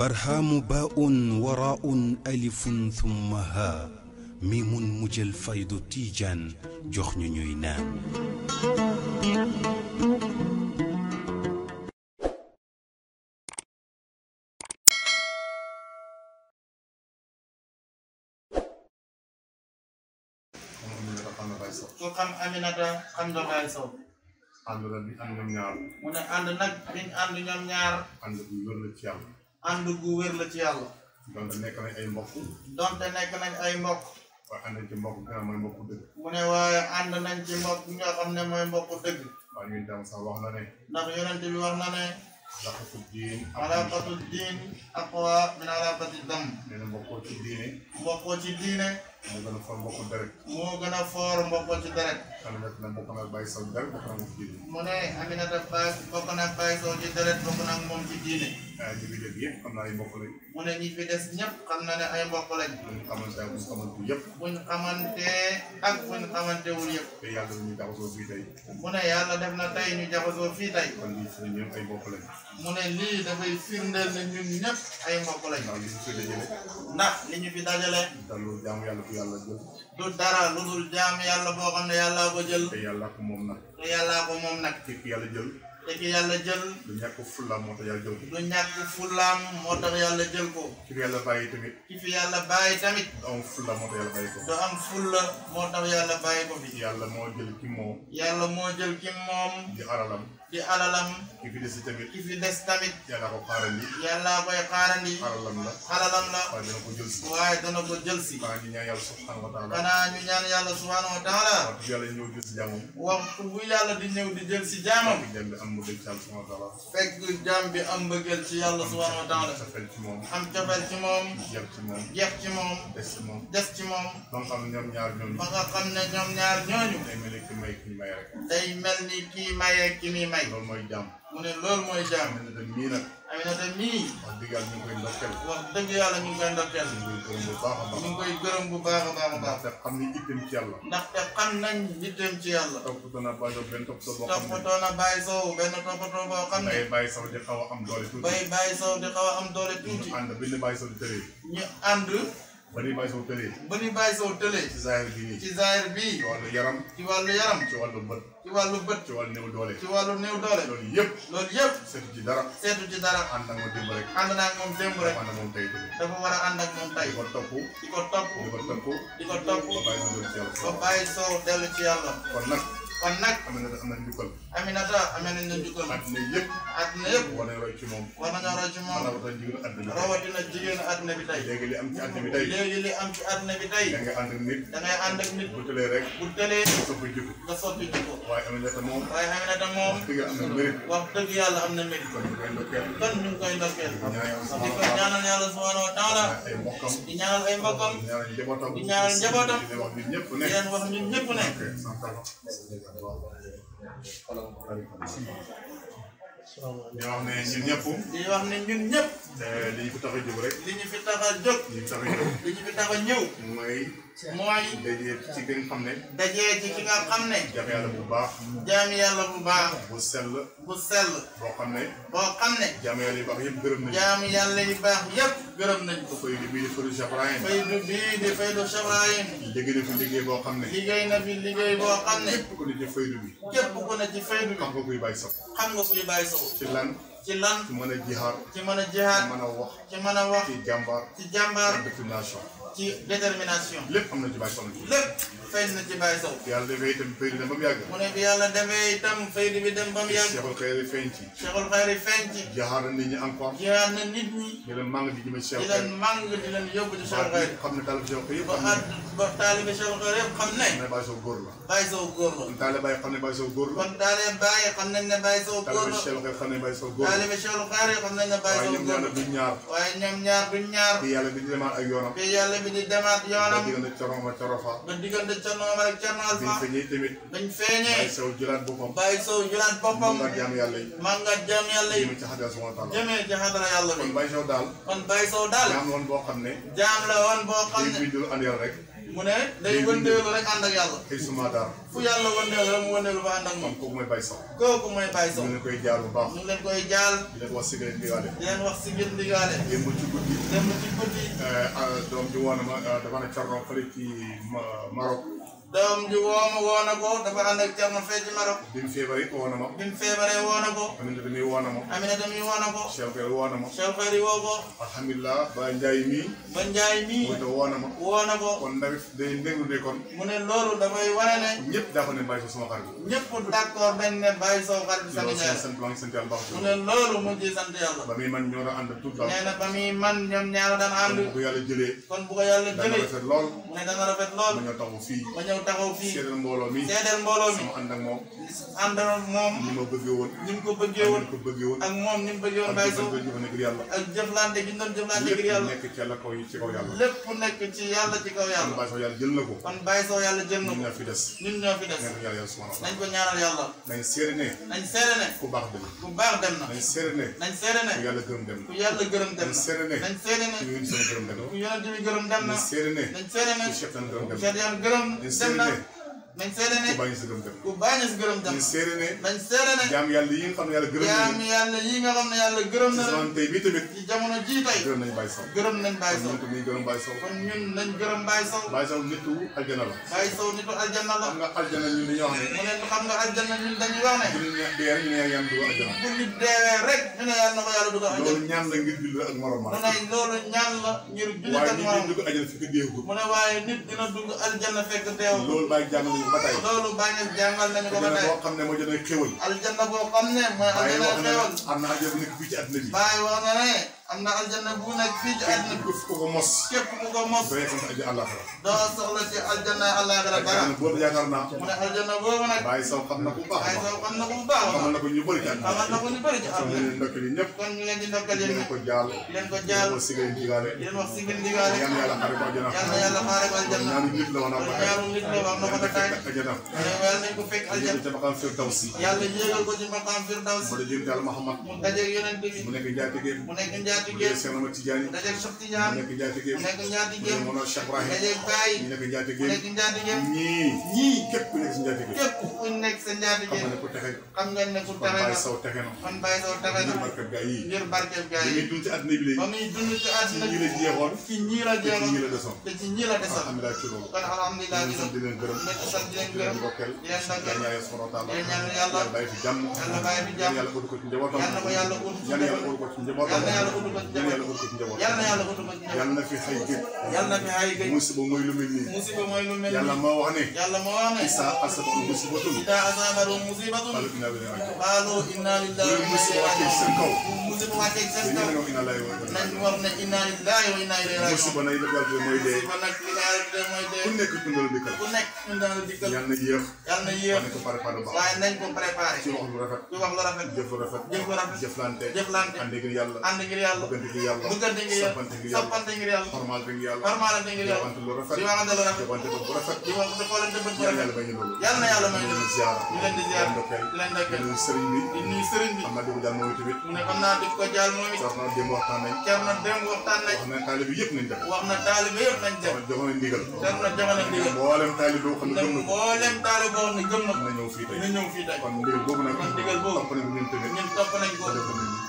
برهام باء وراء ألف ثم ها ميم مجل فيض تيجان جخن نينان xam aminata xando ngay sow ànd la bi ànd ñoom ñaar mu ne ànd nag biñ ànd ñoom ñaar ànd bu wér ci yàlla ànd gu wér la ci yàlla. donte nekk nañ ay mbokk. donte nekk nañ ay mbokk. waaye ànd nañ ci mbokk ah, bi nga dëgg. mu ne waaye ànd nañ ci mbokk bi nga ne mooy mbokku dëgg. waaye ñun tam sax wax na ne. ndax yonent bi wax na ne. alaafatu diin. alaafatu diin aqwa min alaafati dam. nee na mbokkoo ci diine. mbokkoo ci diine. moo gën a foor mbokku deret. moo gën a foor mbokkoo ci deret. Aminata nag bokk na ak Baye Sow dara bokk na moom ci mu ne Aminata Baye bokk na ak Baye ci deret bokk na moom ci diine. mu ne ñi fi des ñëpp xam na ne ay mbokk lañ. bu ñu xamante ak bu ñu xamante yëpp. bu ñu xamante ak ñu xamante wul yëpp. te yàlla ñu jaxasoo fii tey. mu yàlla def na tey ñu jaxasoo fii tey. kon fi ñun ay mbokk lañ. mu ne lii dafay firndeel ne ñun ñëpp ay mbokk lañ. fi dajale. fi yàlla fi yàlla jël du dara lu dul jaam yàlla boo xam ne yàllaa ko jël. te yàllaa ko moom nag. te yàllaa ko moom nag. te ki yàlla jël. te ki yàlla jël. du ñàkk fulaam moo tax yàlla jël ko. du ñàkk fulaam moo tax yàlla jël fi yàlla bàyyi tamit. ki fi yàlla bàyyi tamit. du am fula moo tax yàlla bàyyi ko. du am fula moo tax yàlla bàyyi ko fi. yàlla moo jël ki moom. yàlla moo jël ki moom. di alalam. di alalam. ki fi des tamit. ki fi des tamit. yàlla ko xaarandi. yàlla koy xaarandi. alalam la alalam la. waaye dana ko jël si. waaye dana ko jël si. xanaa ñu ñaan yàlla subhanahu wa taala. xanaa ñu ñaan yàlla subhanahu wa taala. waxtu yàlla ñëw jël si jaamam. waxtu bu yàlla di ñëw di jël si jaamam. fekk jaam bi am mbëggeel ci yàlla subhanahu wa taala. am cofeel ci moom. am cofeel ci moom. jeex ci moom. jeex ci moom. des ci moom. des ci moom. ba nga xam ne ñoom ñaar ñooñu. ba nga xam ne ñoom ñaar ñooñu. day mel ni kii may kii may rek. day mel ni kii may may. loolu mooy jàmm. mu ne loolu mooy jàmm. Aminata mii nag. Aminata mii. wax dëgg yàlla ñu ngi koy ndokkeel. wax dëgg yàlla ñu ngi koy ndokkeel. ñu ngi koy gërëm bu baax a baax. ñu ngi koy gërëm bu baax a baax a baax. ndaxte xam nañ itteem ci yàlla. ndaxte xam nañ itteem ci yàlla. toppatoo na bàyyi sow benn toppatoo boo xam ne. toppatoo na bàyyi sow benn toppatoo boo xam ne. bay bàyyi sow di xaw a am doole tuuti. bay bàyyi sow di xaw a am doole tuuti. ñu ànd Bani Baye Sow tëlee. Bani Baye Sow tëlee. ci zaahir bi ci zaahir bi ci wàllu yaram. ci wàllu yaram. ci wàllu bët. ci wàllu bët. ci wàllu néew doole. ci wàllu néew doole. loolu yëpp. loolu yëpp. seetu ci dara. seetu ci dara. ànd ak moom démb rek. ànd naa ak moom démb rek. ànd ak moom tey dafa war a ànd ak moom tey. di ko topp. di ko topp. di ko topp. di ko topp. ba bàyyi Sow dellu ci yàlla. ba bàyyi Sow dellu ci yàlla. kon nag. kon nag amee na am na njukkal aminata amee nañ na njukkal àddina yëpp àddina yëpp war nañ roy ci moom war nañoo roy ci moom rawatina jigéenu àddina bi tey léegi li am ci àddina bi tey am nit bu tëlee rek bu tëlee nga soppi jikko nga waaye aminata moom wax dëgg na mérite wax dëgg yàlla am na mérite kon ñu koy ndokkeel kon ñu ngi koy ndokkeel di ñaanal yàlla subhanahu wa taala ay ñaanal ay mbokkam ñaanal njabootam di ñaanal njabootam di leen wax di wax ne ñun ne ñun li euh, ñu fi tax jóg rek. li ñu fi tax jóg. li ñu fi tax a ñëw. mooy. mooy. dajee ci ki xam ne. dajee ci ki nga xam ne. jaam bu baax. jaam yàlla bu baax. bu sell. bu sell. boo xam ne. boo xam ne. jaam yàlla yu baax yëpp gërëm nañu. jaam yàlla yu ko. fay du bii di faydu Cheikh Ibrahim. bii di faydu Cheikh liggéey na fi liggéey boo xam ne. liggéey na fi liggéey boo xam ne. képp ku ne ci faydu bi. képp ku ne ci bi. xam nga kuy bàyyi sax. xam nga kuy bàyyi sax. ci ci lan ci mën a jihaar ci mën a jihaar ci mën a wax ci mën a wax ci jàmbaar ci jàmbaar détermination ci détermination lépp am na ci bàyyi soxna ci lépp feeñ na ci bàyyi sow yàlla defee itam faydi dem ba mu yàgg mu ne bi yàlla defee itam faydi bi dem ba mu yàgg cheikhul xayri feeñ ci cheikhul xayri feeñ ci jihaar na nit ñi encore jihaar na nit ñi di leen màng di jëme cheikhul xayri di leen màng di leen yóbbu ci cheikhul xayri xam ne taalibe cheikhul xayri yëpp ba taalibe cheikhul xayri yëpp xam ne bàyyi sow góor la bàyyi sow góor la kon taalibe bàyyi xam ne bàyyi sow góor la kon taalibe bàyyi xam nañ ne bàyyi sow góor la taalibe Cheikh Khare xam nañ ne bàyyi waaye ñoom ñaar duñ ñaar waaye ñoom ñaar duñ ñaar te yàlla bi di demaat ak yoonam te yàlla bi di demaat yoonam ba diggante Cerno Omar Cerno Fall ba diggante Cerno Omar ak Cerno Fall bañ feeñee tamit bañ feeñee bàyyi sow julaat boppam bàyyi sow julaat boppam maa nga jaam yàlla yi maa nga jaam yàlla yi jëmee ci xadara sama taala jëmee ci xadara yàlla bi kon bàyyi sow daal kon bàyyi sow daal jaam la woon boo xam ne jaam la woon boo xam ne dul ànd yàlla rek mu ne day wëndeelu rek ànd ak yàlla. ay suma dara. fu yàlla wëndeelu rek mu wëndeelu ba ànd ak moom. kooku mooy Baye Sow. kooku mooy Baye Sow. ñu leen koy jaal bu baax. ñu leen koy jaal. di leen wax si gën ndigaale. di leen wax si gën ndigaale. démb ci guddi. démb ci guddi. Eh, ah, doom bi woon na ma ah, dama ne Thierno fële ci Maroc. doom ju woo ma woo ko dafa and ak Thierno fe ci marok bim mu ko woo na bim bi mu feebaree woo na ko. Aminata mi woo na ma. Aminata mi woo na ko. Cheikh Fer woo na ma. Cheikh Fer woo ko. alhamdulilah Ba Ndiaye mi Ba Ndiaye mi woote woo na ma. woo ko. kon ndaw de ndengu de kon. mune lolu damay dafay ñepp ne. ñëpp ne bay so sama xarit. ñëpp d' accord dañ ne bay so xarit. sa nijaay sant maa ngi sant yàlla baax. mu ne mu ngi sant yalla ba mi man ñoo do and tout dal neena ba mi man ñom ñaar daan ànd. kon bu ko yàlla jëlee. kon bu ko yalla jele dana rafet lool. mu ne dana rafet lool. ma ñëw taxaw fii. ma ñëw ñëw taxaw fii. seedal mbooloo mi seedal mbooloo mi sama ànd ak moom. ànd ak moom. ni ma bëggee woon. ni mu ko bëggee woon ko bëggee woon. ak moom ni mu bëggee woon bàyyi soo ak jëflante gi ñu doon jëflante ngir yàlla. lépp nekk ci yàlla kaw yi ci kaw yàlla. lépp nekk ci yàlla ci kaw yàlla. kon bàyyi soo yàlla jël na ko. kon bàyyi soo yàlla jël na ko. ñun ñoo fi des. ñun ñoo fi des. nañ ko ñaanal yàlla. nañ seere ne. nañ seere ne. ku baax dem. ku baax dem na. nañ seere ne. nañ seere ne. ku yàlla gërëm dem na. ku yàlla gërëm dem na. nañ seere ne. nañ seere ne. ku yonent bi gërëm dem na. ku yonent bi gërëm dem na. nañ seere ne. nañ seere ne. ku seetaan gërëm dem na. seede na nañ seede ne ku bañ si gërëm dem ku bañ si gërëm dem nañ seede ne nañ yi ci jamono jii tey. gërëm nañ Baye Sow gërëm nañ Baye Sow kon ñun gërëm Baye Sow. kon ñun nañ gërëm Baye Sow. Baye Sow nitu aljana la. Baye Sow nitu aljana la. xam nga aljana ñun dañuy wax ne. mu ne xam nga aljana ñun dañuy wax ne. bu nit dee rek ñu ne yàlla dugal aljana. bu nit dee rek ñu ne yàlla na ko yàlla dugal aljana. loolu ñaan la ngir jullit ak morom ma. mu ne loolu ñaan la ngir jullit ak morom. waaye nit dina dugg aljana fekk deewu ko. mu ne waaye nit dina dugg aljana fekk deewu ko. loolu bàyyi jàngal nañu ko ba tey. loolu bàyyi jàngal nañu ko ba tey. boo xam ne moo jëlee xéwal. aljana boo xam ne mooy aljana xéwal. am na aljana bu nekk fii ci àddina bi. bàyyi wax na ne am na aljanna bu nekk fii ci àddina bi. képp ku ko mos. képp ku ko mos. doo yëkkati aji àllaaxira. doo soxla ci aljanna àllaaxira dara. boobu yaakaar naa. mu ne aljanna boobu nag. bàyyi saw xam na ko bu baax bàyyi saw xam na ko bu baax xamal na ko ñu bëri ci àddina. xamal na ko ñu bëri ci àddina. kon ñu leen ndokkale ñëpp. kon ñu leen di ndokkale ñëpp. leen ko jaal. leen ko jaal leen wax sigil ndigaale. leen wax sigil ndigaale. yal na yàlla xaare ko aljanna. yal na yàlla xaare ko aljanna. ñaanu nit la woon ak ñaanu nit la woon ak aljanna. yal nañ ko fekk aljanna. yal nañ ko fekk aljanna. yal nañ ko maqaam firdawsi. yàlla yéegal ko ci maqaam firdawsi. mu dajeeg yàlla Muhammad. mu dajeeg yonent bi. mu nekk njaatige. mu nekk njaatige. jigéen mu nekk Saftiñaan mu nekk Njaatigéem mu nekk Njaatigéem mu nekk Baay mu nekk Njaatigéem mu nekk Njaatigéem ñii ñii képp ku nekk sa Njaatigéem képp ku nekk sa Njaatigéem xam nga ne ku texe na xam nga ne ku texe na kon Baay Sow texe na ngir barkeel gaa yi dund ci àdduna bi ba muy dund ci àdduna bi ci ñii la jeexoon te ci ñii la desoon kon alhamdulilah ci loolu nekk sant di leen gërëm di leen ndokkeel di leen ñaan yàlla yàlla bàyyi fi jàmm yàlla bàyyi fi jàmm yàlla ko yàlla ut ci njabootam yàlla yàlla ut man ci jamono yal na yàlla wutul man ci jamono yal na fi xay gëj yal na fi xay gëj musiba mooy lu mel nii musiba mooy lu mel nii yàlla moo wax ne yàlla moo wax ne isa asabaru musibatun isa asabaru musibatun qaalu inna lillahi wa inna ilayhi raji'un musiba wàccee seen kaw bi mu wàccee seen kaw nañ war na inna lillahi wa inna ilayhi raaji'uun musiba nag li nga xam ne mooy dee musiba nag li nga xam ne mooy dee ku nekk tundal dikkal ku nekk tundal dikkal yàlla na yéex yàlla na yéex waaye nañ ko préparé ci wax lu rafet ci wax lu rafet jëf lu rafet jëf lu rafet jëflante jëflante ànd ngir yàlla ànd ngir yàlla bëggante ngir yàlla bëggante ngir yàlla soppante ngir yàlla formalante ngir yàlla formalante ngir yàlla di waxante lu rafet di waxante xoolante bët bu rafet yàlla na yàlla may ñu leen di ziar di leen di ziar di leen ndokkeel di nuyu sëriñ bi di nuyu sëriñ bi xam naa déglu daal moom tamit mu ne xam naa nañ ko jàll moom it. Thierno Deme waxtaan nañ. Thierno Deme waxtaan nañ. wax na taalibe yëpp nañ def. wax na taalibe yëpp nañ def. jox na ndigal. Thierno jox na ndigal. mboolem taalibe boo xam ne gëm na ko. mboolem taalibe boo xam ne gëm na ko. na ñëw fii tey na ñëw fii tey. kon ndigal boobu nag. kon ndigal boobu topp nañ ñun tamit. ñun topp nañ ko.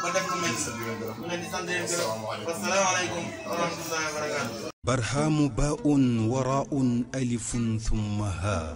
ba def ko mel ni. ñu ngi sant yéen gërëm. asalaamaaleykum wa rahmatullahi wa barakaatu. barhaamu baa'un waraa'un alifun thumma haa